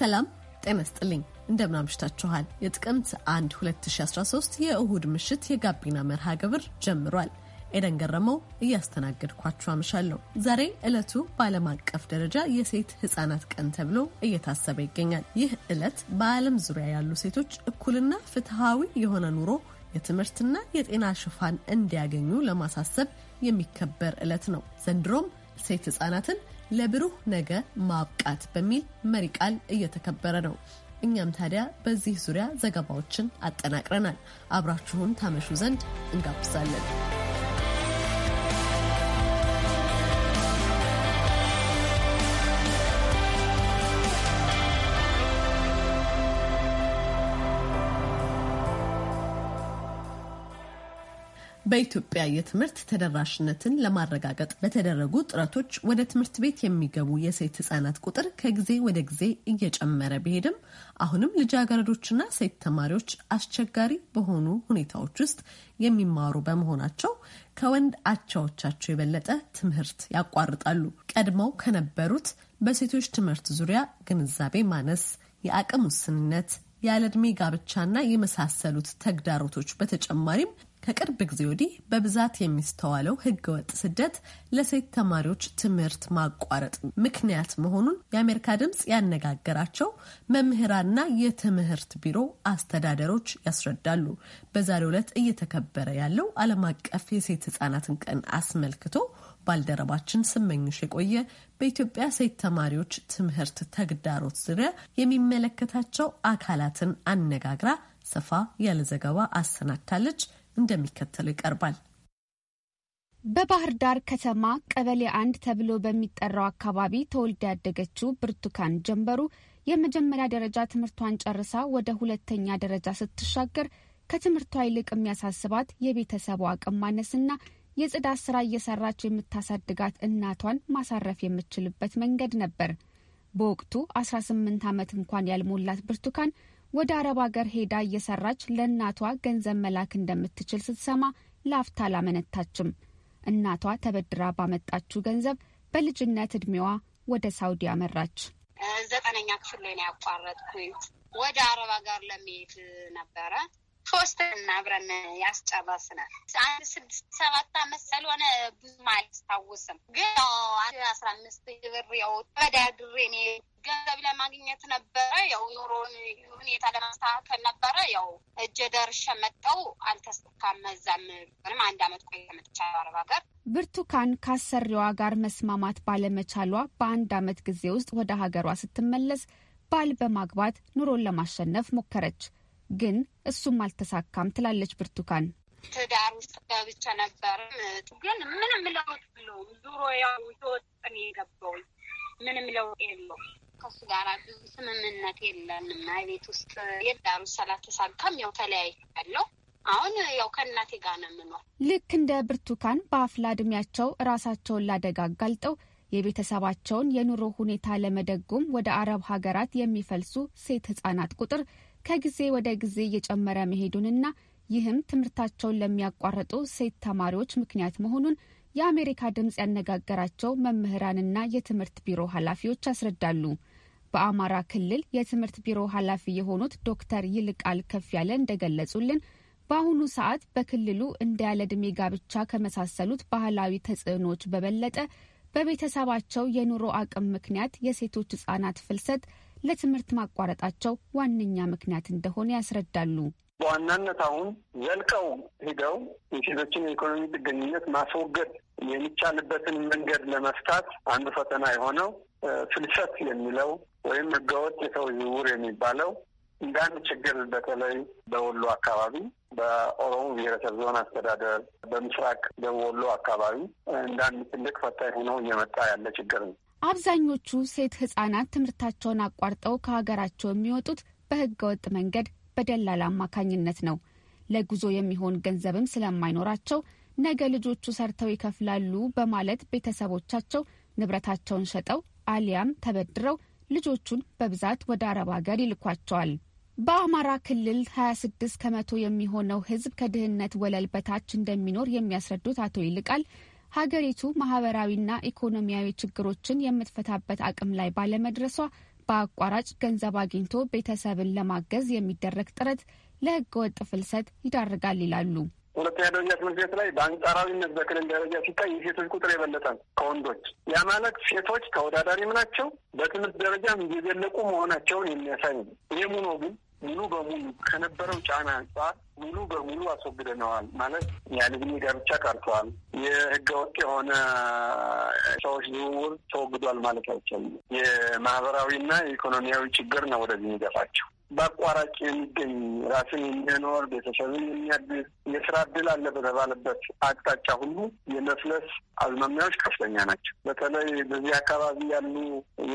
ሰላም ጤና ይስጥልኝ። እንደምን አምሽታችኋል። የጥቅምት 1 2013 የእሁድ ምሽት የጋቢና መርሃ ግብር ጀምሯል። ኤደን ገረመው እያስተናገድኳችሁ አምሻለሁ። ዛሬ ዕለቱ በዓለም አቀፍ ደረጃ የሴት ሕፃናት ቀን ተብሎ እየታሰበ ይገኛል። ይህ ዕለት በዓለም ዙሪያ ያሉ ሴቶች እኩልና ፍትሐዊ የሆነ ኑሮ የትምህርትና የጤና ሽፋን እንዲያገኙ ለማሳሰብ የሚከበር ዕለት ነው። ዘንድሮም ሴት ሕፃናትን ለብሩህ ነገ ማብቃት በሚል መሪ ቃል እየተከበረ ነው። እኛም ታዲያ በዚህ ዙሪያ ዘገባዎችን አጠናቅረናል። አብራችሁን ታመሹ ዘንድ እንጋብዛለን። በኢትዮጵያ የትምህርት ተደራሽነትን ለማረጋገጥ በተደረጉ ጥረቶች ወደ ትምህርት ቤት የሚገቡ የሴት ህጻናት ቁጥር ከጊዜ ወደ ጊዜ እየጨመረ ቢሄድም አሁንም ልጃገረዶችና ሴት ተማሪዎች አስቸጋሪ በሆኑ ሁኔታዎች ውስጥ የሚማሩ በመሆናቸው ከወንድ አቻዎቻቸው የበለጠ ትምህርት ያቋርጣሉ። ቀድመው ከነበሩት በሴቶች ትምህርት ዙሪያ ግንዛቤ ማነስ፣ የአቅም ውስንነት ያለ ጋብቻና የመሳሰሉት ተግዳሮቶች በተጨማሪም ከቅርብ ጊዜ ወዲህ በብዛት የሚስተዋለው ህገወጥ ስደት ለሴት ተማሪዎች ትምህርት ማቋረጥ ምክንያት መሆኑን የአሜሪካ ድምፅ ያነጋገራቸው መምህራንና የትምህርት ቢሮ አስተዳደሮች ያስረዳሉ። በዛሬው ዕለት እየተከበረ ያለው ዓለም አቀፍ የሴት ህጻናትን ቀን አስመልክቶ ባልደረባችን ስመኞሽ የቆየ በኢትዮጵያ ሴት ተማሪዎች ትምህርት ተግዳሮት ዙሪያ የሚመለከታቸው አካላትን አነጋግራ ሰፋ ያለ ዘገባ አሰናድታለች። እንደሚከተለው ይቀርባል። በባህር ዳር ከተማ ቀበሌ አንድ ተብሎ በሚጠራው አካባቢ ተወልዳ ያደገችው ብርቱካን ጀንበሩ የመጀመሪያ ደረጃ ትምህርቷን ጨርሳ ወደ ሁለተኛ ደረጃ ስትሻገር ከትምህርቷ ይልቅ የሚያሳስባት የቤተሰቡ አቅም ማነስና የጽዳት ስራ እየሰራች የምታሳድጋት እናቷን ማሳረፍ የምትችልበት መንገድ ነበር። በወቅቱ 18 ዓመት እንኳን ያልሞላት ብርቱካን ወደ አረብ ሀገር ሄዳ እየሰራች ለእናቷ ገንዘብ መላክ እንደምትችል ስትሰማ ለአፍታ አላመነታችም። እናቷ ተበድራ ባመጣችው ገንዘብ በልጅነት እድሜዋ ወደ ሳውዲ አመራች። ዘጠነኛ ክፍል ላይ ነው ያቋረጥኩኝ። ወደ አረብ ሀገር ለመሄድ ነበረ ሶስት አብረን ያስጨረስናል። አንድ ስድስት ሰባት አመት ስለሆነ ብዙም አላስታውስም፣ ግን አስራ አምስት ብር ያው ተዳድሬ እኔ ገንዘብ ለማግኘት ነበረ። ያው ኑሮን ሁኔታ ለማስተካከል ነበረ። ያው እጀ ደርሸ መጠው አልተስካም። መዛም ምንም አንድ አመት ቆይ መጥቻለሁ አረብ ሀገር። ብርቱካን ካሰሪዋ ጋር መስማማት ባለመቻሏ በአንድ አመት ጊዜ ውስጥ ወደ ሀገሯ ስትመለስ ባል በማግባት ኑሮን ለማሸነፍ ሞከረች። ግን እሱም አልተሳካም ትላለች ብርቱካን። ትዳር ውስጥ ገብቼ ነበርም ግን ምንም ለውጥ የለውም። ዙሮ ያው ወጥን የገባውኝ ምንም ለውጥ የለውም። ከሱ ጋር ብዙ ስምምነት የለንም። ቤት ውስጥ የዳሩ ስላልተሳካም ያው ተለያይ ያለው አሁን ያው ከእናቴ ጋር ነው የምኖር። ልክ እንደ ብርቱካን በአፍላ እድሜያቸው ራሳቸውን ላደጋ አጋልጠው የቤተሰባቸውን የኑሮ ሁኔታ ለመደጎም ወደ አረብ ሀገራት የሚፈልሱ ሴት ህጻናት ቁጥር ከጊዜ ወደ ጊዜ እየጨመረ መሄዱንና ይህም ትምህርታቸውን ለሚያቋርጡ ሴት ተማሪዎች ምክንያት መሆኑን የአሜሪካ ድምፅ ያነጋገራቸው መምህራንና የትምህርት ቢሮ ኃላፊዎች ያስረዳሉ። በአማራ ክልል የትምህርት ቢሮ ኃላፊ የሆኑት ዶክተር ይልቃል ከፍ ያለ እንደገለጹልን በአሁኑ ሰዓት በክልሉ እንደ ያለ ዕድሜ ጋብቻ ከመሳሰሉት ባህላዊ ተጽዕኖዎች በበለጠ በቤተሰባቸው የኑሮ አቅም ምክንያት የሴቶች ህጻናት ፍልሰት ለትምህርት ማቋረጣቸው ዋነኛ ምክንያት እንደሆነ ያስረዳሉ። በዋናነት አሁን ዘልቀው ሂደው የሴቶችን የኢኮኖሚ ጥገኝነት ማስወገድ የሚቻልበትን መንገድ ለመፍታት አንዱ ፈተና የሆነው ፍልሰት የሚለው ወይም ህገወጥ የሰው ዝውውር የሚባለው እንደ አንድ ችግር በተለይ በወሎ አካባቢ በኦሮሞ ብሔረሰብ ዞን አስተዳደር በምስራቅ ደቡብ ወሎ አካባቢ እንደ አንድ ትልቅ ፈታኝ ሆኖ እየመጣ ያለ ችግር ነው። አብዛኞቹ ሴት ህጻናት ትምህርታቸውን አቋርጠው ከሀገራቸው የሚወጡት በህገወጥ መንገድ በደላላ አማካኝነት ነው። ለጉዞ የሚሆን ገንዘብም ስለማይኖራቸው ነገ ልጆቹ ሰርተው ይከፍላሉ በማለት ቤተሰቦቻቸው ንብረታቸውን ሸጠው አሊያም ተበድረው ልጆቹን በብዛት ወደ አረብ ሀገር ይልኳቸዋል። በአማራ ክልል 26 ከመቶ የሚሆነው ህዝብ ከድህነት ወለል በታች እንደሚኖር የሚያስረዱት አቶ ይልቃል ሀገሪቱ ማህበራዊና ኢኮኖሚያዊ ችግሮችን የምትፈታበት አቅም ላይ ባለመድረሷ በአቋራጭ ገንዘብ አግኝቶ ቤተሰብን ለማገዝ የሚደረግ ጥረት ለህገ ወጥ ፍልሰት ይዳርጋል ይላሉ። ሁለተኛ ደረጃ ትምህርት ቤት ላይ በአንጻራዊነት በክልል ደረጃ ሲታይ የሴቶች ቁጥር የበለጠ ነው ከወንዶች። ያ ማለት ሴቶች ተወዳዳሪም ናቸው፣ በትምህርት ደረጃም የዘለቁ መሆናቸውን የሚያሳይ ነው። ይህም ሆኖ ግን ሙሉ በሙሉ ከነበረው ጫና አንጻር ሙሉ በሙሉ አስወግደነዋል ማለት ያለ ጋብቻ ቀርተዋል። የህገወጥ የሆነ ሰዎች ዝውውር ተወግዷል ማለት አይቻልም። የማህበራዊና የኢኮኖሚያዊ ችግር ነው ወደዚህ የሚገፋቸው። በአቋራጭ የሚገኝ ራስን የሚያኖር ቤተሰብን የሚያድስ የስራ እድል አለ በተባለበት አቅጣጫ ሁሉ የመፍለስ አዝማሚያዎች ከፍተኛ ናቸው። በተለይ በዚህ አካባቢ ያሉ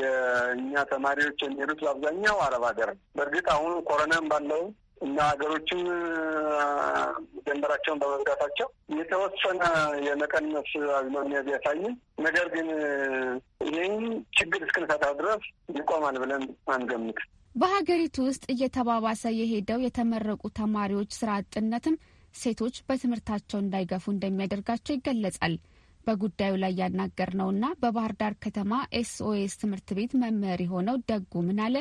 የእኛ ተማሪዎች የሚሄዱት በአብዛኛው አረብ ሀገር በእርግጥ አሁን ኮረናም ባለው እና ሀገሮችም ድንበራቸውን በመዝጋታቸው የተወሰነ የመቀነስ አዝማሚያ ቢያሳይም ነገር ግን ይህን ችግር እስክንፈታ ድረስ ይቆማል ብለን አንገምት። በሀገሪቱ ውስጥ እየተባባሰ የሄደው የተመረቁ ተማሪዎች ስራ አጥነትም ሴቶች በትምህርታቸው እንዳይገፉ እንደሚያደርጋቸው ይገለጻል። በጉዳዩ ላይ ያናገርነውና በባህር ዳር ከተማ ኤስኦኤስ ትምህርት ቤት መምህር የሆነው ደጉ ምናለ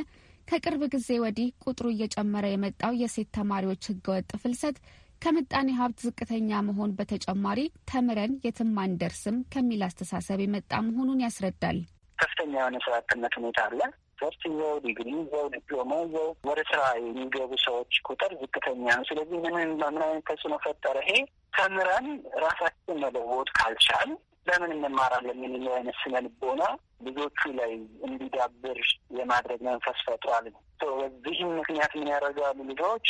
ከቅርብ ጊዜ ወዲህ ቁጥሩ እየጨመረ የመጣው የሴት ተማሪዎች ህገወጥ ፍልሰት ከምጣኔ ሀብት ዝቅተኛ መሆን በተጨማሪ ተምረን የትም አንደርስም ከሚል አስተሳሰብ የመጣ መሆኑን ያስረዳል። ከፍተኛ የሆነ ስራ አጥነት ሁኔታ አለ። ሪሰርች ይዘው ዲግሪ ይዘው ዲፕሎማ ይዘው ወደ ስራ የሚገቡ ሰዎች ቁጥር ዝቅተኛ ነው። ስለዚህ ምንን ምን አይነት ተጽዕኖ ፈጠረ? ይሄ ተምረን ራሳችን መለወጥ ካልቻል ለምን እንማራለን የሚለው አይነት ስነ ልቦና ልጆቹ ላይ እንዲዳብር የማድረግ መንፈስ ፈጥሯል። በዚህም ምክንያት ምን ያደርጋሉ ልጆች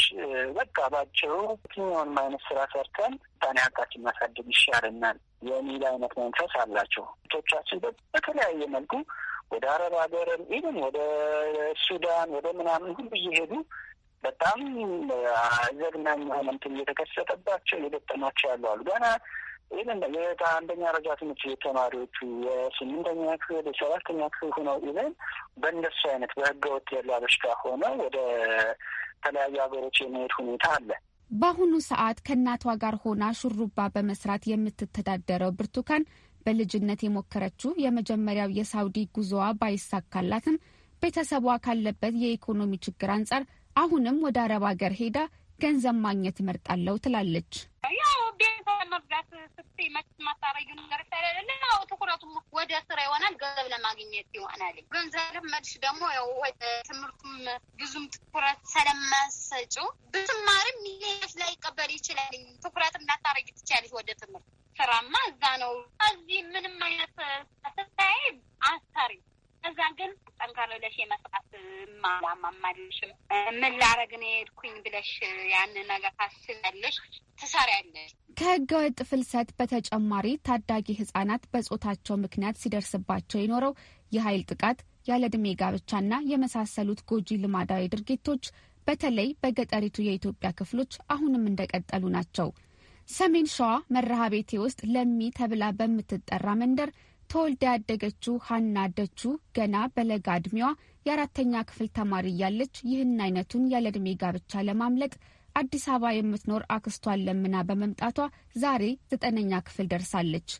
በቃ ባቸው የትኛውንም አይነት ስራ ሰርተን ታኔ ሀቃችን ማሳደግ ይሻለናል የሚል አይነት መንፈስ አላቸው። ቶቻችን በተለያየ መልኩ ወደ አረብ ሀገርም ኢቨን ወደ ሱዳን ወደ ምናምን ሁሉ እየሄዱ በጣም ዘግናኝ የሆነ እንትን እየተከሰተባቸው እየገጠማቸው ያሉ አሉ። ገና ኢቨን አንደኛ ደረጃ ትምህርት ቤት ተማሪዎቹ የስምንተኛ ክፍል የሰባተኛ ክፍል ሆነው ኢቨን በእንደሱ አይነት በህገወጥ ያለ በሽታ ሆነ ወደ ተለያዩ ሀገሮች የመሄድ ሁኔታ አለ። በአሁኑ ሰዓት ከእናቷ ጋር ሆና ሹሩባ በመስራት የምትተዳደረው ብርቱካን በልጅነት የሞከረችው የመጀመሪያው የሳውዲ ጉዞዋ ባይሳካላትም ቤተሰቧ ካለበት የኢኮኖሚ ችግር አንጻር አሁንም ወደ አረብ ሀገር ሄዳ ገንዘብ ማግኘት እመርጣለሁ ትላለች። ያው ቤተሰብ መርዳት ስትይ መቼም ነገር ስለሌለ ያው ትኩረቱም ወደ ስራ ይሆናል፣ ገንዘብ ለማግኘት ይሆናል። ገንዘብ መድሽ ደግሞ ያው ወደ ትምህርቱም ብዙም ትኩረት ስለማሰጪው ብትማሪም ይሄ ላይቀበል ይችላል። ትኩረት ትችያለሽ ወደ ትምህርት ስራማ እዛ ነው። እዚህ ምንም አይነት ስታይ አሰሪ እዛ ግን ጠንካራ ብለሽ የመስራት ማላማማልሽም ምን ላረግ ነው የሄድኩኝ ብለሽ ያን ነገር ታስቢያለሽ፣ ትሰሪያለሽ። ከህገ ወጥ ፍልሰት በተጨማሪ ታዳጊ ህጻናት በጾታቸው ምክንያት ሲደርስባቸው የኖረው የኃይል ጥቃት፣ ጋብቻ ጋብቻና የመሳሰሉት ጎጂ ልማዳዊ ድርጊቶች በተለይ በገጠሪቱ የኢትዮጵያ ክፍሎች አሁንም እንደቀጠሉ ናቸው። ሰሜን ሸዋ መረሃ ቤቴ ውስጥ ለሚ ተብላ በምትጠራ መንደር ተወልዳ ያደገችው ሀና ደቹ ገና በለጋ እድሜዋ የአራተኛ ክፍል ተማሪ እያለች ይህን አይነቱን ያለእድሜ ጋብቻ ለማምለጥ አዲስ አበባ የምትኖር አክስቷን ለምና በመምጣቷ ዛሬ ዘጠነኛ ክፍል ደርሳለች።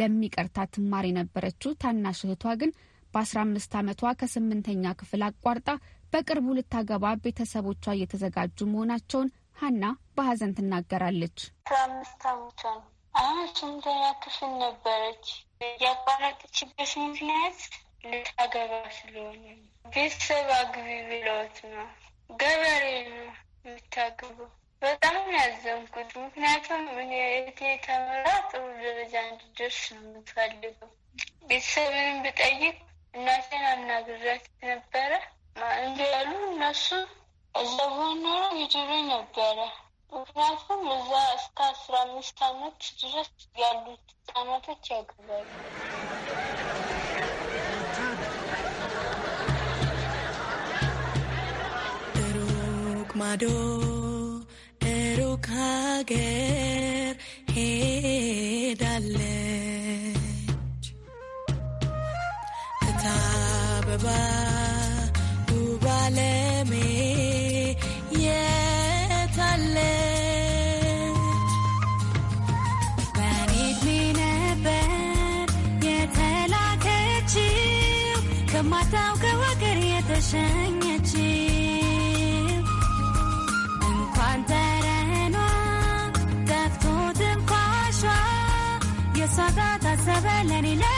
ለሚቀርታ ትማር የነበረችው ታናሽ እህቷ ግን በ15 ዓመቷ ከስምንተኛ ክፍል አቋርጣ በቅርቡ ልታገባ ቤተሰቦቿ እየተዘጋጁ መሆናቸውን ሀና በሀዘን ትናገራለች። አስራ አምስት አመቷ ነው። ስምንተኛ ክፍል ነበረች። ያቋረጠችበት ምክንያት ልታገባ ስለሆነ ቤተሰብ አግቢ ብለውት ነው። ገበሬ ነው የምታግበው። በጣም ያዘንኩት ምክንያቱም እህቴ ተምራ ጥሩ ደረጃ እንድደርስ ነው የምትፈልገው። ቤተሰብንም ብጠይቅ እናቴን አናግራት ነበረ ያሉ እነሱ እዛ ሆኖ ይድሩ ነበረ። ምክንያቱም እዛ እስከ አስራ አምስት ዓመት ድረስ ያሉት ህጻናቶች ያገባሉ። ሩቅ ማዶ ሩቅ ሀገር ሄዳለች እታ አበባ ውብ Isabella,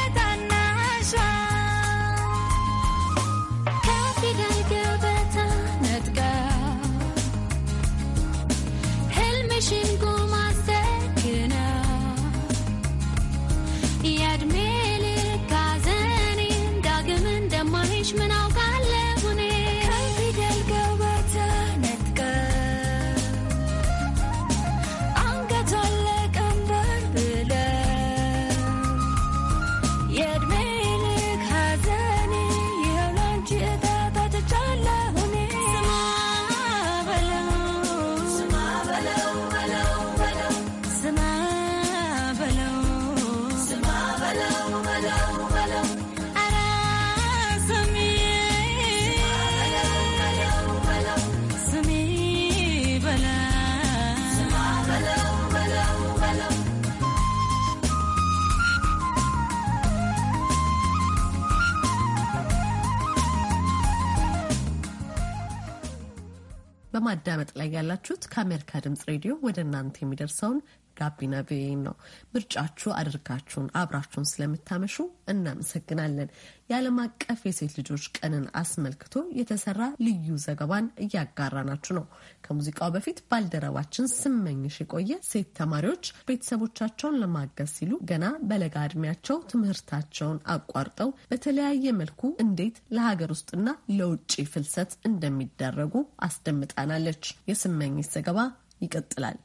በማዳመጥ ላይ ያላችሁት ከአሜሪካ ድምጽ ሬዲዮ ወደ እናንተ የሚደርሰውን ጋቢና ቪኦኤን ነው ምርጫችሁ አድርጋችሁን አብራችሁን ስለምታመሹ እናመሰግናለን። የዓለም አቀፍ የሴት ልጆች ቀንን አስመልክቶ የተሰራ ልዩ ዘገባን እያጋራናችሁ ነው። ከሙዚቃው በፊት ባልደረባችን ስመኝሽ የቆየ ሴት ተማሪዎች ቤተሰቦቻቸውን ለማገዝ ሲሉ ገና በለጋ እድሜያቸው ትምህርታቸውን አቋርጠው በተለያየ መልኩ እንዴት ለሀገር ውስጥና ለውጭ ፍልሰት እንደሚደረጉ አስደምጣናለች። የስመኝሽ ዘገባ ይቀጥላል።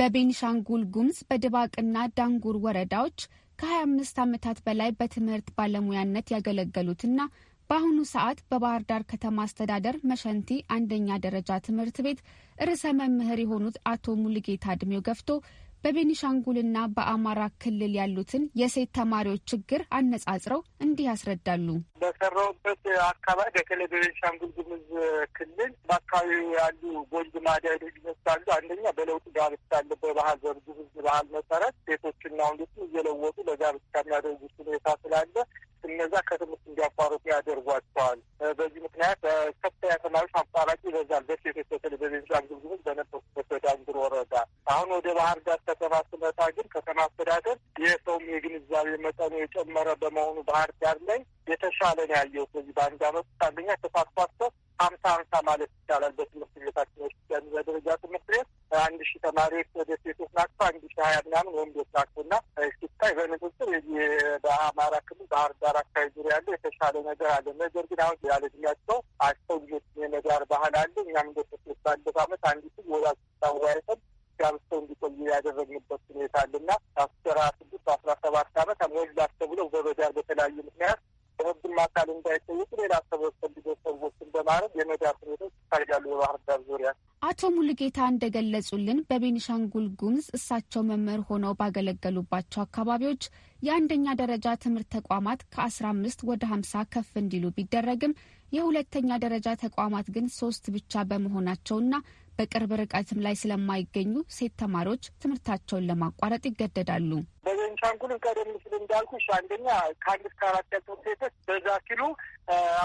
በቤኒሻንጉል ጉምዝ በድባቅና ዳንጉር ወረዳዎች ከ25 ዓመታት በላይ በትምህርት ባለሙያነት ያገለገሉትና በአሁኑ ሰዓት በባህር ዳር ከተማ አስተዳደር መሸንቲ አንደኛ ደረጃ ትምህርት ቤት ርዕሰ መምህር የሆኑት አቶ ሙሉጌታ እድሜው ገፍቶ በቤኒሻንጉልና በአማራ ክልል ያሉትን የሴት ተማሪዎች ችግር አነጻጽረው እንዲህ ያስረዳሉ። በሰራሁበት አካባቢ በተለይ በቤንሻንጉል ጉሙዝ ክልል በአካባቢ ያሉ ጎንድ ማዳ ድርጅቶች አንደኛ በለውጥ ጋብቻ አለ። በባህል በጉሙዝ ባህል መሰረት ሴቶችና ወንዶችን እየለወጡ ለጋብቻ የሚያደርጉት ሁኔታ ስላለ እነዛ ከትምህርት እንዲያቋርጡ ያደርጓቸዋል። በዚህ ምክንያት ከፍተኛ ተማሪዎች አቋራጭ ይበዛል። በሴቶች በተለይ በቤንሻንጉል ጉሙዝ በነበርኩበት ወዳንጉር ወረዳ። አሁን ወደ ባህር ዳር ከተማ ስመጣ ግን ከተማ አስተዳደር የሰውም የግንዛቤ መጠኑ የጨመረ በመሆኑ ባህር ዳር ላይ የተሻለ ነው ያየሁት በዚህ በአንድ አመት ውስጥ አንደኛ ተሳትፏቸው ሀምሳ ሀምሳ ማለት ይቻላል። በትምህርት ቤታችን ውስጥ ያለ ደረጃ ትምህርት ቤት አንድ ሺህ ተማሪዎች ወደ ሴቶች ናቸው፣ አንድ ሺህ ሀያ ምናምን ወንዶች ናቸው እና ሲታይ በንጽጽር በአማራ ክልል ባህር ዳር አካባቢ ዙሪያ ያለው የተሻለ ነገር አለ። ነገር ግን አሁን ያለ እድሜያቸው አቸው ልጆች የመዳር ባህል አለ። እኛም እንደ ሴቶች አመት አንድ ወላጅ ታዋይተን ጋብተው እንዲቆዩ ያደረግንበት ሁኔታ አለና አስራ ስድስት አስራ ሰባት አመት ወልዳቸው ብለው በመዳር በተለያዩ ምክንያት በህግም አካል እንዳይጠየቁ ሌላ ሰዎች ፈልጎ ሰዎችን በማድረግ የመዳፍ ቤቶች ይታያሉ በባህር ዳር ዙሪያ። አቶ ሙሉጌታ እንደገለጹልን በቤኒሻንጉል ጉምዝ እሳቸው መምህር ሆነው ባገለገሉባቸው አካባቢዎች የአንደኛ ደረጃ ትምህርት ተቋማት ከ15 ወደ 50 ከፍ እንዲሉ ቢደረግም የሁለተኛ ደረጃ ተቋማት ግን ሶስት ብቻ በመሆናቸውና በቅርብ ርቀትም ላይ ስለማይገኙ ሴት ተማሪዎች ትምህርታቸውን ለማቋረጥ ይገደዳሉ። በቤንሻንጉል ቀደም ሲል እንዳልኩሽ አንደኛ ከአንድ እስከ አራት ያሉ ትምህርት ቤቶች በዛ ሲሉ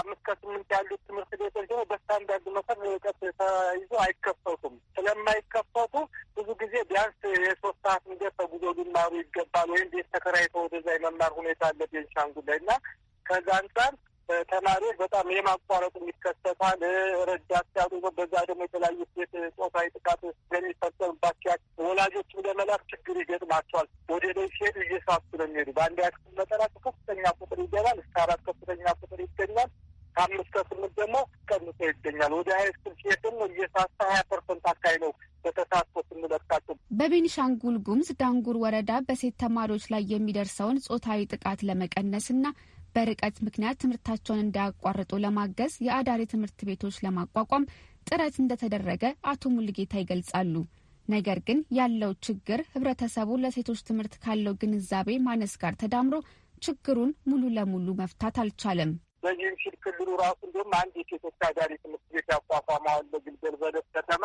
አምስት ከስምንት ያሉት ትምህርት ቤቶች ደግሞ በስታንዳርድ መሰረት ርቀት ተይዞ አይከፈቱም። ስለማይከፈቱ ብዙ ጊዜ ቢያንስ የሶስት ሰዓት እንገት ተጉዞ ሊማሩ ይገባል ወይም ቤት ተከራይተው ወደዛ የመማር ሁኔታ አለ ቤንሻንጉል ላይ እና ከዛ አንጻር ተማሪዎች በጣም የማቋረጥ ይከሰታል። ረዳት ሲያጡ በዛ ደግሞ የተለያዩ ሴት ጾታዊ ጥቃት ስለሚፈጸምባቸው ወላጆችም ለመላክ ችግር ይገጥማቸዋል። ወደ ደ ሲሄዱ እየሳሱ ነው የሚሄዱ። በአንድ ያክል መጠናቸው ከፍተኛ ቁጥር ይገባል። እስከ አራት ከፍተኛ ቁጥር ይገኛል። ከአምስት ከስምንት ደግሞ ቀንሶ ይገኛል። ወደ ሀይ ስኩል ሲሄድም እየሳሳ ሀያ ፐርሰንት አካባቢ ነው በተሳትፎ ስንለካቸው። በቤኒሻንጉል ጉምዝ ዳንጉር ወረዳ በሴት ተማሪዎች ላይ የሚደርሰውን ጾታዊ ጥቃት ለመቀነስ ለመቀነስና በርቀት ምክንያት ትምህርታቸውን እንዳያቋርጡ ለማገዝ የአዳሪ ትምህርት ቤቶች ለማቋቋም ጥረት እንደተደረገ አቶ ሙልጌታ ይገልጻሉ። ነገር ግን ያለው ችግር ህብረተሰቡ ለሴቶች ትምህርት ካለው ግንዛቤ ማነስ ጋር ተዳምሮ ችግሩን ሙሉ ለሙሉ መፍታት አልቻለም። በዩኒቨርሲቲ ክልሉ ራሱ እንዲሁም አንድ የሴቶች አዳሪ ትምህርት ቤት ያቋቋመ አሁን በግልገል በለስ ከተማ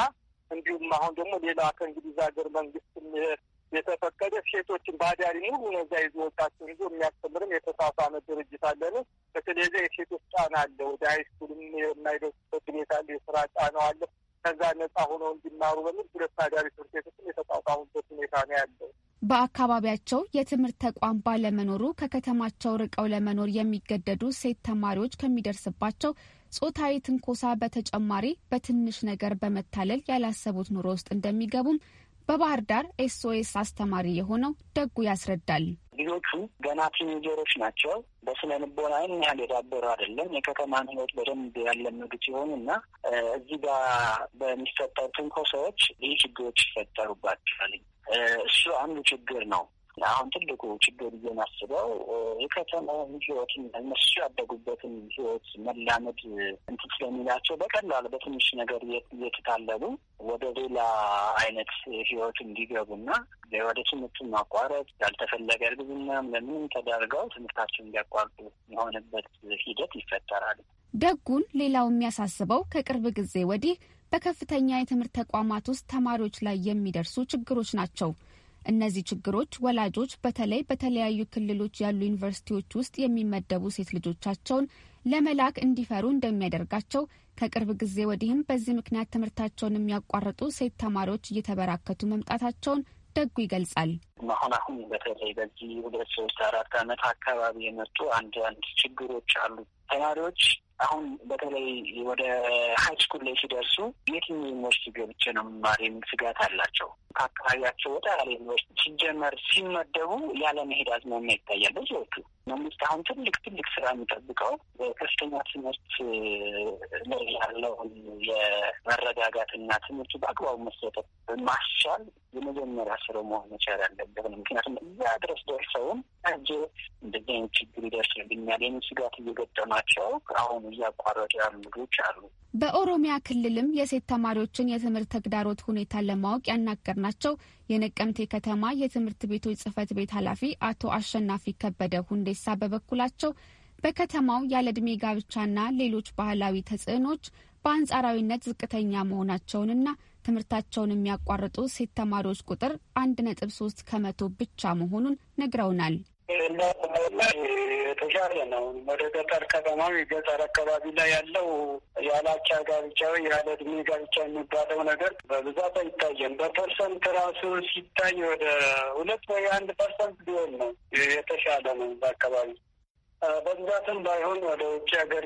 እንዲሁም አሁን ደግሞ ሌላ ከእንግሊዝ ሀገር መንግስት የተፈቀደ ሴቶችን በአዳሪ ሙሉ ነዛ ይዞ ወጣቸውን ይዞ የሚያስተምርም የተሳሳመ ድርጅት አለን። በተለይ የሴቶች ጫና አለ። ወደ ሃይስኩልም የማይደርሱበት ሁኔታ አለ። የስራ ጫና አለ። ከዛ ነጻ ሆነው እንዲማሩ በሚል ሁለት አዳሪ ትምህርት ቤቶችም የተቋቋሙበት ሁኔታ ነው ያለው። በአካባቢያቸው የትምህርት ተቋም ባለመኖሩ ከከተማቸው ርቀው ለመኖር የሚገደዱ ሴት ተማሪዎች ከሚደርስባቸው ጾታዊ ትንኮሳ በተጨማሪ በትንሽ ነገር በመታለል ያላሰቡት ኑሮ ውስጥ እንደሚገቡም በባህር ዳር ኤስኦኤስ አስተማሪ የሆነው ደጉ ያስረዳል። ልጆቹ ገና ቲኔጀሮች ናቸው። በስነ ልቦና ያን ያህል የዳበሩ አይደለም። የከተማን ህይወት በደንብ ያለመዱት ሲሆኑ እና እዚህ ጋር በሚፈጠሩ ትንኮሳዎች ይህ ችግሮች ይፈጠሩባቸዋል። እሱ አንዱ ችግር ነው። አሁን ትልቁ ችግር እየማስበው የከተማውን ህይወትን እነሱ ያደጉበትን ህይወት መላመድ እንትን ስለሚላቸው በቀላሉ በትንሽ ነገር እየተታለሉ ወደ ሌላ አይነት ህይወት እንዲገቡና ወደ ትምህርቱ ማቋረጥ ያልተፈለገ እርግዝና ለምንም ተዳርገው ትምህርታቸው እንዲያቋርጡ የሆነበት ሂደት ይፈጠራል። ደጉን ሌላው የሚያሳስበው ከቅርብ ጊዜ ወዲህ በከፍተኛ የትምህርት ተቋማት ውስጥ ተማሪዎች ላይ የሚደርሱ ችግሮች ናቸው። እነዚህ ችግሮች ወላጆች በተለይ በተለያዩ ክልሎች ያሉ ዩኒቨርሲቲዎች ውስጥ የሚመደቡ ሴት ልጆቻቸውን ለመላክ እንዲፈሩ እንደሚያደርጋቸው ከቅርብ ጊዜ ወዲህም በዚህ ምክንያት ትምህርታቸውን የሚያቋርጡ ሴት ተማሪዎች እየተበራከቱ መምጣታቸውን ደጉ ይገልጻል። አሁን አሁን በተለይ በዚህ ሁለት ሶስት አራት ዓመት አካባቢ የመጡ አንድ አንድ ችግሮች አሉ። ተማሪዎች አሁን በተለይ ወደ ሀይ ስኩል ላይ ሲደርሱ የትኛው ዩኒቨርሲቲ ገብቼ ነው መማር የሚል ስጋት አላቸው። ከአካባቢያቸው ወጣ ያለ ዩኒቨርሲቲ ሲጀመር ሲመደቡ ያለ መሄድ አዝማሚያ ይታያል። ብዙዎቹ መንግስት አሁን ትልቅ ትልቅ ስራ የሚጠብቀው ከፍተኛ ትምህርት ላይ ያለውን የመረጋጋትና ትምህርቱ በአግባቡ መሰጠት ማስቻል የመጀመሪያ መሆን መቻል አለብን። ምክንያቱም እዛ ድረስ ደርሰውም እጅ እንደዚህ አይነት ችግር ይደርስብኛል የሚል ስጋት እየገጠማቸው አሁን እያቋረጡ ያሉ ልጆች አሉ። በኦሮሚያ ክልልም የሴት ተማሪዎችን የትምህርት ተግዳሮት ሁኔታ ለማወቅ ያናገርናቸው የነቀምቴ ከተማ የትምህርት ቤቶች ጽህፈት ቤት ኃላፊ አቶ አሸናፊ ከበደ ሁንዴሳ በበኩላቸው በከተማው ያለዕድሜ ጋብቻና ሌሎች ባህላዊ ተጽዕኖች በአንጻራዊነት ዝቅተኛ መሆናቸውንና ትምህርታቸውን የሚያቋርጡ ሴት ተማሪዎች ቁጥር አንድ ነጥብ ሶስት ከመቶ ብቻ መሆኑን ነግረውናል። የተሻለ ነው። ወደ ገጠር ከተማ የገጠር አካባቢ ላይ ያለው ያላቻ ጋብቻ ወይ ያለ እድሜ ጋብቻ የሚባለው ነገር በብዛት አይታየም። በፐርሰንት ራሱ ሲታይ ወደ ሁለት ወይ አንድ ፐርሰንት ቢሆን ነው የተሻለ ነው በአካባቢ በብዛትም ባይሆን ወደ ውጭ ሀገር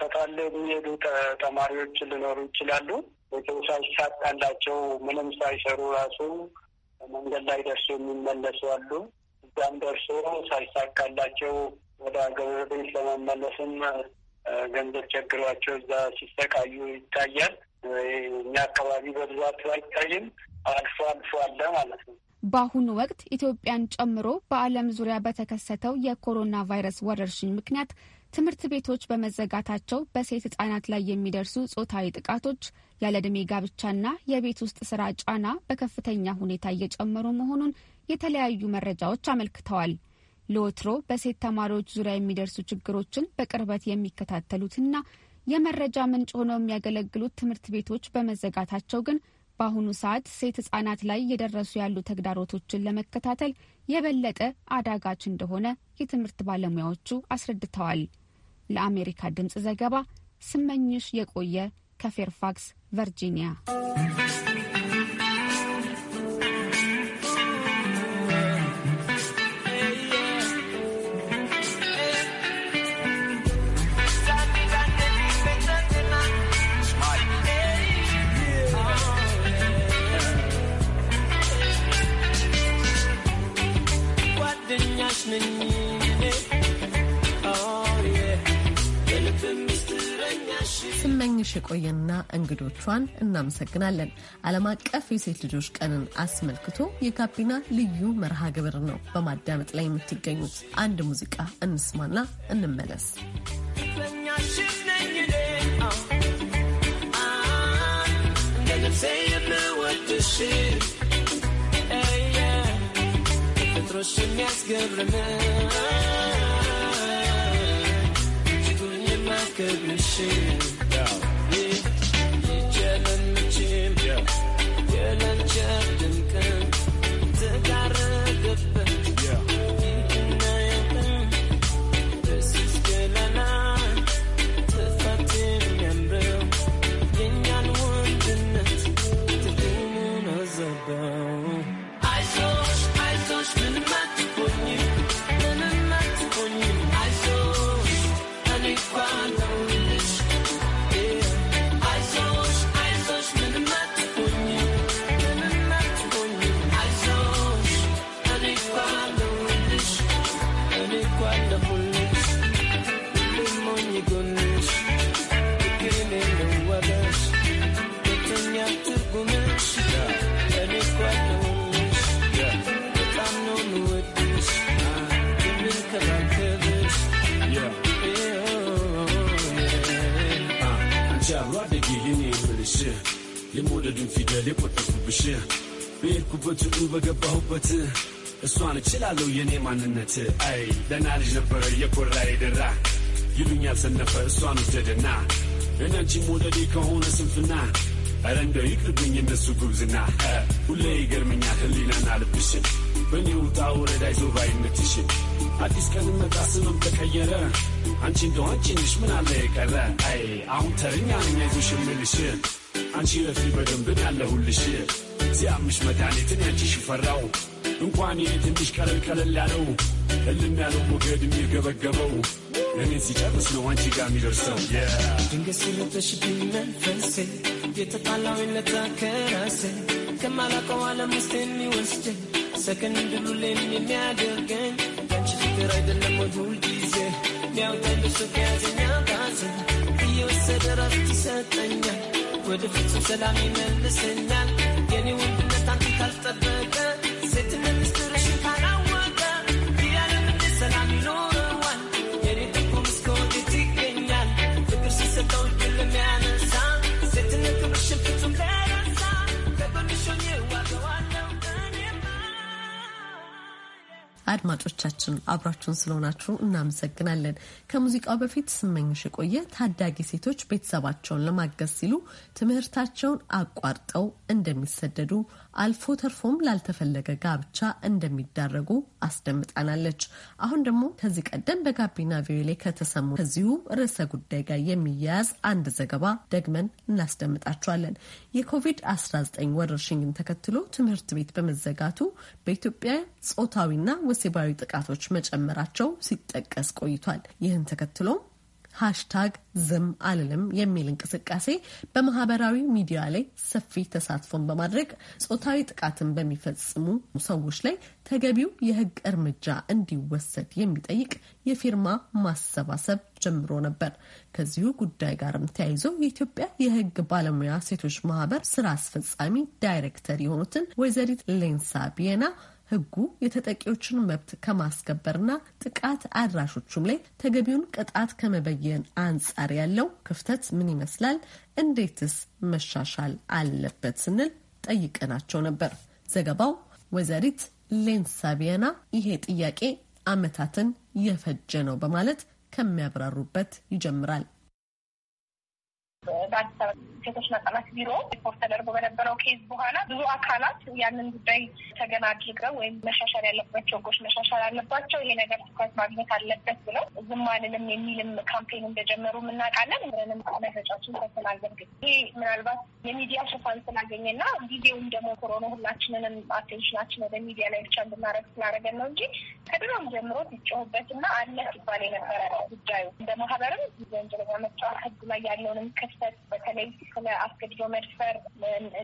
ተታለው የሚሄዱ ተማሪዎች ሊኖሩ ይችላሉ። ቤተሰብ ሳይሳካላቸው ምንም ሳይሰሩ ራሱ መንገድ ላይ ደርሶ የሚመለሱ አሉ። እዛም ደርሶ ሳይሳካላቸው ወደ ሀገር ቤት ለመመለስም ገንዘብ ቸግሯቸው እዛ ሲሰቃዩ ይታያል። እኛ አካባቢ በብዛት አይታይም፣ አልፎ አልፎ አለ ማለት ነው። በአሁኑ ወቅት ኢትዮጵያን ጨምሮ በዓለም ዙሪያ በተከሰተው የኮሮና ቫይረስ ወረርሽኝ ምክንያት ትምህርት ቤቶች በመዘጋታቸው በሴት ህጻናት ላይ የሚደርሱ ጾታዊ ጥቃቶች፣ ያለዕድሜ ጋብቻና የቤት ውስጥ ስራ ጫና በከፍተኛ ሁኔታ እየጨመሩ መሆኑን የተለያዩ መረጃዎች አመልክተዋል። ለወትሮ በሴት ተማሪዎች ዙሪያ የሚደርሱ ችግሮችን በቅርበት የሚከታተሉትና የመረጃ ምንጭ ሆነው የሚያገለግሉት ትምህርት ቤቶች በመዘጋታቸው ግን በአሁኑ ሰዓት ሴት ህጻናት ላይ እየደረሱ ያሉ ተግዳሮቶችን ለመከታተል የበለጠ አዳጋች እንደሆነ የትምህርት ባለሙያዎቹ አስረድተዋል። ለአሜሪካ ድምጽ ዘገባ ስመኝሽ የቆየ ከፌርፋክስ ቨርጂኒያ። የቆየና እንግዶቿን እናመሰግናለን። ዓለም አቀፍ የሴት ልጆች ቀንን አስመልክቶ የጋቢና ልዩ መርሃ ግብር ነው በማዳመጥ ላይ የምትገኙት። አንድ ሙዚቃ እንስማና እንመለስ። Shit. gym, yeah. Yeah, አውቃለሁ የኔ ማንነት። አይ ደህና ልጅ ነበረ የኮራ የደራ ይሉኛል ሰነፈ እሷን ወሰደና እኔንቺም ሞደዴ ከሆነ ስንፍና ኧረ እንደው ይቅርብኝ እነሱ ጉብዝና ሁሌ ይገርመኛል ህሊናና ልብሽን በእኔ ውጣ ውረድ አይዞህ ባይነትሽን አዲስ ቀን መጣ ስምም ተቀየረ አንቺ እንደው አንቺ ነሽ ምን አለ የቀረ አይ አሁን ተረኛ ነኝ አይዞሽ የምልሽ አንቺ ረፊ በደንብን ያለሁልሽ ሲያምሽ መድኃኒትን ያንቺ ሽፈራው እንኳን የትንሽ ቀለል ቀለል ያለው እልም ያለው ሞገድ የሚገበገበው እኔን ሲጨርስ ነው አንቺ ጋር የሚደርሰው። ድንገት ሲለተሽብኝ መንፈሴ የተጣላዊነት ከራሴ ከማላቀው አለም ውስጥ የሚወስደኝ ሰከን እንድሉሌን የሚያደርገኝ ያንቺ ፍቅር አይደለም ወድ ሁልጊዜ ሚያውጠኝ ልብሶ ከያዘኛ ቃዘ እየወሰደ ረፍት ይሰጠኛል ወደ ፍጹም ሰላም ይመልሰኛል የኔ ወንድነት አንተ ካልጠ ዝግጅታችን አብራችሁን ስለሆናችሁ እናመሰግናለን። ከሙዚቃው በፊት ስመኝሽ የቆየ ታዳጊ ሴቶች ቤተሰባቸውን ለማገዝ ሲሉ ትምህርታቸውን አቋርጠው እንደሚሰደዱ አልፎ ተርፎም ላልተፈለገ ጋብቻ እንደሚዳረጉ አስደምጣናለች። አሁን ደግሞ ከዚህ ቀደም በጋቢና ቪዮሌ ከተሰሙ ከዚሁ ርዕሰ ጉዳይ ጋር የሚያያዝ አንድ ዘገባ ደግመን እናስደምጣቸዋለን። የኮቪድ የኮቪድ-19 ወረርሽኝን ተከትሎ ትምህርት ቤት በመዘጋቱ በኢትዮጵያ ጾታዊና ወሲባዊ ጥቃቶች መጨመራቸው ሲጠቀስ ቆይቷል። ይህን ተከትሎም ሃሽታግ ዝም አልልም የሚል እንቅስቃሴ በማህበራዊ ሚዲያ ላይ ሰፊ ተሳትፎን በማድረግ ጾታዊ ጥቃትን በሚፈጽሙ ሰዎች ላይ ተገቢው የህግ እርምጃ እንዲወሰድ የሚጠይቅ የፊርማ ማሰባሰብ ጀምሮ ነበር። ከዚሁ ጉዳይ ጋርም ተያይዞ የኢትዮጵያ የህግ ባለሙያ ሴቶች ማህበር ስራ አስፈጻሚ ዳይሬክተር የሆኑትን ወይዘሪት ሌንሳ ቢየና ህጉ የተጠቂዎችን መብት ከማስከበርና ጥቃት አድራሾቹም ላይ ተገቢውን ቅጣት ከመበየን አንጻር ያለው ክፍተት ምን ይመስላል? እንዴትስ መሻሻል አለበት? ስንል ጠይቀናቸው ነበር። ዘገባው ወይዘሪት ሌንሳ ይሄ ጥያቄ ዓመታትን የፈጀ ነው በማለት ከሚያብራሩበት ይጀምራል። በአዲስ አበባ ሴቶችና ህጻናት ቢሮ ሪፖርት ተደርጎ በነበረው ኬዝ በኋላ ብዙ አካላት ያንን ጉዳይ ተገና አድርገው ወይም መሻሻል ያለባቸው ህጎች መሻሻል አለባቸው፣ ይሄ ነገር ትኩረት ማግኘት አለበት ብለው ዝም አልልም የሚልም ካምፔን እንደጀመሩ እናውቃለን። ምንም መረጫችን ሰስናል። በእርግጥ ይሄ ምናልባት የሚዲያ ሽፋን ስላገኘ ስላገኘና ጊዜውም ደግሞ ኮሮና ሁላችንንም አቴንሽናችን ወደ ሚዲያ ላይ ብቻ እንድናረግ ስላደረገን ነው እንጂ ከድሮም ጀምሮ ሲጮሁበት ሲጮሁበትና አለ ሲባል የነበረ ጉዳዩ እንደ ማህበርም ወንጀለኛ መቅጫ ህግ ላይ ያለውንም ክፍተት በተለይ ስለ አስገድዶ መድፈር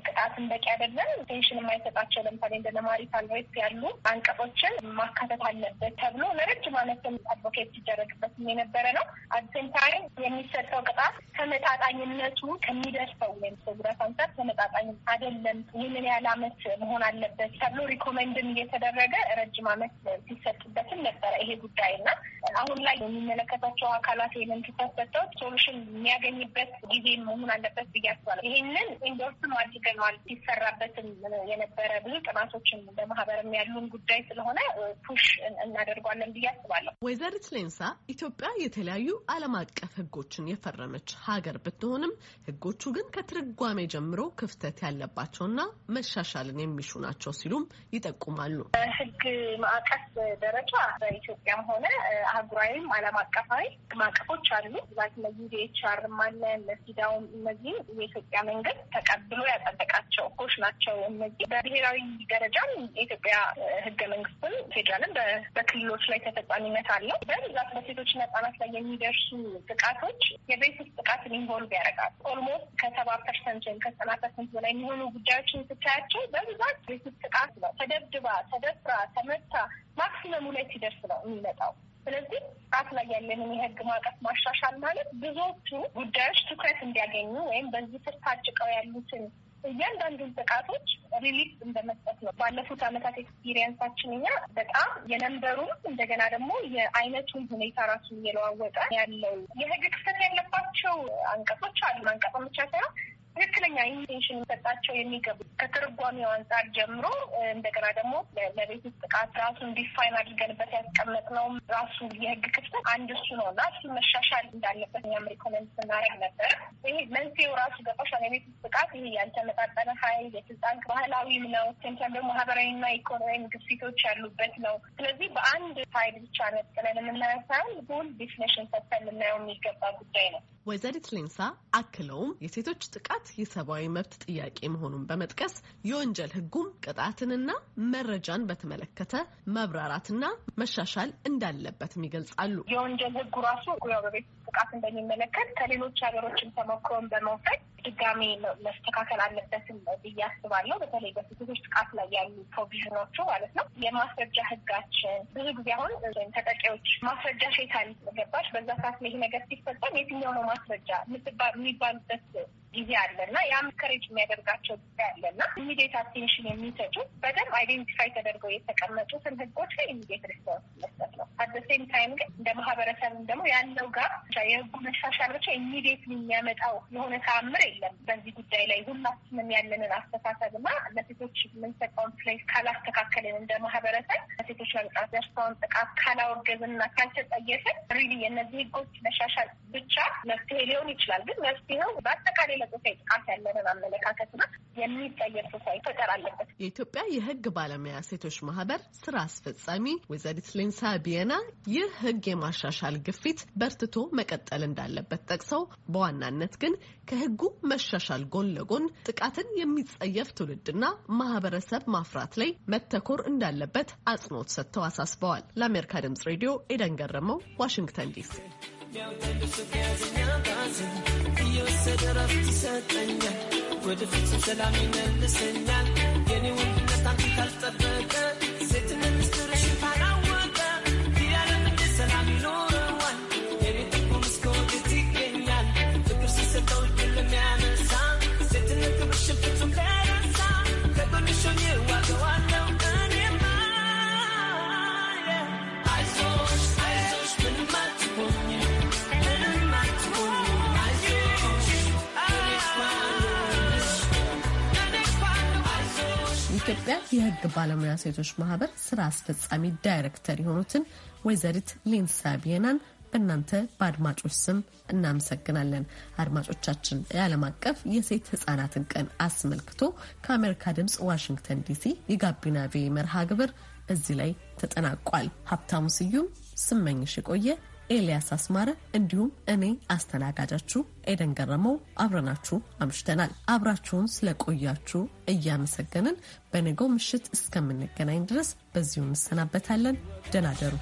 ቅጣትን በቂ አይደለም፣ ቴንሽን የማይሰጣቸው ለምሳሌ እንደ ለማሪታል ሬፕ ያሉ አንቀጾችን ማካተት አለበት ተብሎ ለረጅም ዓመትም አድቮኬት ሲደረግበት የነበረ ነው። አድሴን ታይም የሚሰጠው ቅጣት ተመጣጣኝነቱ ከሚደርሰው ወይም ሰው ጉዳት አንጻር ተመጣጣኝ አይደለም፣ ይህንን ያህል አመት መሆን አለበት ተብሎ ሪኮመንድም እየተደረገ ረጅም ዓመት ሲሰጥበትም ነበረ ይሄ ጉዳይ እና አሁን ላይ የሚመለከታቸው አካላት ይህንን ትኩረት ሰጥተው ሶሉሽን የሚያገኝበት ጊዜ ዲዛይን መሆን አለበት ብዬ አስባለሁ። ይህንን ኢንዶርስም አድርገነዋል። ሲሰራበትም የነበረ ብዙ ጥናቶችን በማህበርም ያሉን ጉዳይ ስለሆነ ፑሽ እናደርጓለን ብዬ አስባለሁ። ወይዘሪት ሌንሳ ኢትዮጵያ የተለያዩ ዓለም አቀፍ ህጎችን የፈረመች ሀገር ብትሆንም ህጎቹ ግን ከትርጓሜ ጀምሮ ክፍተት ያለባቸውና መሻሻልን የሚሹ ናቸው ሲሉም ይጠቁማሉ። በህግ ማዕቀፍ ደረጃ በኢትዮጵያም ሆነ አህጉራዊም ዓለም አቀፋዊ ማዕቀፎች አሉ። ዛት ለጊዜ ቻርም ለሲዳ ያው እነዚህ የኢትዮጵያ መንግስት ተቀብሎ ያጸደቃቸው ህጎች ናቸው። እነዚህ በብሔራዊ ደረጃም የኢትዮጵያ ህገ መንግስትም ፌዴራልም በክልሎች ላይ ተፈጻሚነት አለው። በብዛት በሴቶችና ህጻናት ላይ የሚደርሱ ጥቃቶች የቤት ውስጥ ጥቃትን ኢንቮልቭ ያደርጋል። ኦልሞስት ከሰባ ፐርሰንት ወይም ከዘጠና ፐርሰንት በላይ የሚሆኑ ጉዳዮችን ስታያቸው በብዛት ቤት ውስጥ ጥቃት ነው። ተደብድባ፣ ተደፍራ፣ ተመታ ማክሲመሙ ላይ ሲደርስ ነው የሚመጣው። ስለዚህ ጥቃት ላይ ያለንን የህግ ማዕቀፍ ማሻሻል ማለት ብዙዎቹ ጉዳዮች ትኩረት እንዲያገኙ ወይም በዚህ ስር ታጭቀው ያሉትን እያንዳንዱን ጥቃቶች ሪሊፍ እንደመስጠት ነው። ባለፉት አመታት ኤክስፒሪየንሳችን እኛ በጣም የነንበሩም እንደገና ደግሞ የአይነቱን ሁኔታ ራሱ እየለዋወጠ ያለው የህግ ክፍተት ያለባቸው አንቀጾች አሉ። አንቀጽ ብቻ ሳይሆን ትክክለኛ ኢንቴንሽን ሰጣቸው የሚገቡ ከትርጓሜው አንጻር ጀምሮ እንደገና ደግሞ ለቤት ውስጥ ጥቃት ራሱ እንዲፋይን አድርገንበት ያስቀመጥነው ራሱ የህግ ክፍተት አንድ እሱ ነው እና እሱ መሻሻል እንዳለበት እኛም ሪኮመንድ ስናደርግ ነበር። ይሄ መንስኤው ራሱ ገባሻል። የቤት ውስጥ ጥቃት ይሄ ያልተመጣጠነ ኃይል የስልጣን ባህላዊም ነው፣ ትንተን ደግሞ ማህበራዊና ኢኮኖሚ ግፊቶች ያሉበት ነው። ስለዚህ በአንድ ኃይል ብቻ ነጥለን የምናየው ሳይሆን ሁል ዲፍኔሽን ሰጥተን ልናየው የሚገባ ጉዳይ ነው። ወይዘሪት ሌንሳ አክለውም የሴቶች ጥቃት የሰብአዊ መብት ጥያቄ መሆኑን በመጥቀስ የወንጀል ህጉም ቅጣትንና መረጃን በተመለከተ መብራራትና መሻሻል እንዳለበትም ይገልጻሉ። የወንጀል ህጉ ራሱ ያው በቤት ጥቃት እንደሚመለከት ከሌሎች ሀገሮችም ተሞክሮን በመውሰድ ድጋሜ መስተካከል አለበትም ብዬ አስባለሁ። በተለይ በሴቶች ጥቃት ላይ ያሉ ፕሮቪዥኖቹ ማለት ነው። የማስረጃ ህጋችን ብዙ ጊዜ አሁን ተጠቂዎች ማስረጃ ሴታል ገባች በዛ ሰዓት ላይ ነገር ሲፈጸም የትኛው ነው ማስረጃ የሚባሉበት ጊዜ አለ አለና የአምከሬጅ የሚያደርጋቸው ጊዜ አለ አለና ኢሚዲየት አቴንሽን የሚሰጡ በደንብ አይዴንቲፋይ ተደርገው የተቀመጡትን ህጎች ላይ ኢሚዲየት ሪስፖንስ መስጠት ነው። ሴም ታይም ግን እንደ ማህበረሰብም ደግሞ ያለው ጋር የህጉ መሻሻል ብቻ ኢሚዲየት የሚያመጣው የሆነ ተአምር የለም። በዚህ ጉዳይ ላይ ሁላችንም ያለንን አስተሳሰብ አስተሳሰብና ለሴቶች የምንሰጠውን ፕሌስ ካላስተካከልን እንደ ማህበረሰብ ለሴቶች መምጣት ደርሰውን ጥቃት ካላወገዝን ካላወገዝንና ካልተጠየፍን ሪሊ የእነዚህ ህጎች መሻሻል ብቻ መፍትሄ ሊሆን ይችላል። ግን መፍትሄው በአጠቃላይ ለጾታዊ ጥቃት ያለንን አመለካከትና የሚቀየር ሶሳይ ፈጠር አለበት። የኢትዮጵያ የህግ ባለሙያ ሴቶች ማህበር ስራ አስፈጻሚ ወይዘሪት ሌንሳ ቢየና ይህ ህግ የማሻሻል ግፊት በርትቶ መቀጠል እንዳለበት ጠቅሰው በዋናነት ግን ከህጉ መሻሻል ጎን ለጎን ጥቃትን የሚጸየፍ ትውልድና ማህበረሰብ ማፍራት ላይ መተኮር እንዳለበት አጽንኦት ሰጥተው አሳስበዋል። ለአሜሪካ ድምጽ ሬዲዮ ኤደን ገረመው፣ ዋሽንግተን ዲሲ ወደፊት ሰላም ይመልሰኛል የኔ ወንድነት አንተ ካልጠበቀ የኢትዮጵያ የሕግ ባለሙያ ሴቶች ማህበር ስራ አስፈጻሚ ዳይሬክተር የሆኑትን ወይዘሪት ሊንሳ ቢናን በእናንተ በአድማጮች ስም እናመሰግናለን። አድማጮቻችን የዓለም አቀፍ የሴት ህጻናትን ቀን አስመልክቶ ከአሜሪካ ድምፅ ዋሽንግተን ዲሲ የጋቢና ቪ መርሃ ግብር እዚህ ላይ ተጠናቋል። ሀብታሙ ስዩም ስመኝሽ የቆየ ኤልያስ አስማረ እንዲሁም እኔ አስተናጋጃችሁ ኤደን ገረመው አብረናችሁ አምሽተናል። አብራችሁን ስለቆያችሁ እያመሰገንን በነገው ምሽት እስከምንገናኝ ድረስ በዚሁ እንሰናበታለን። ደናደሩ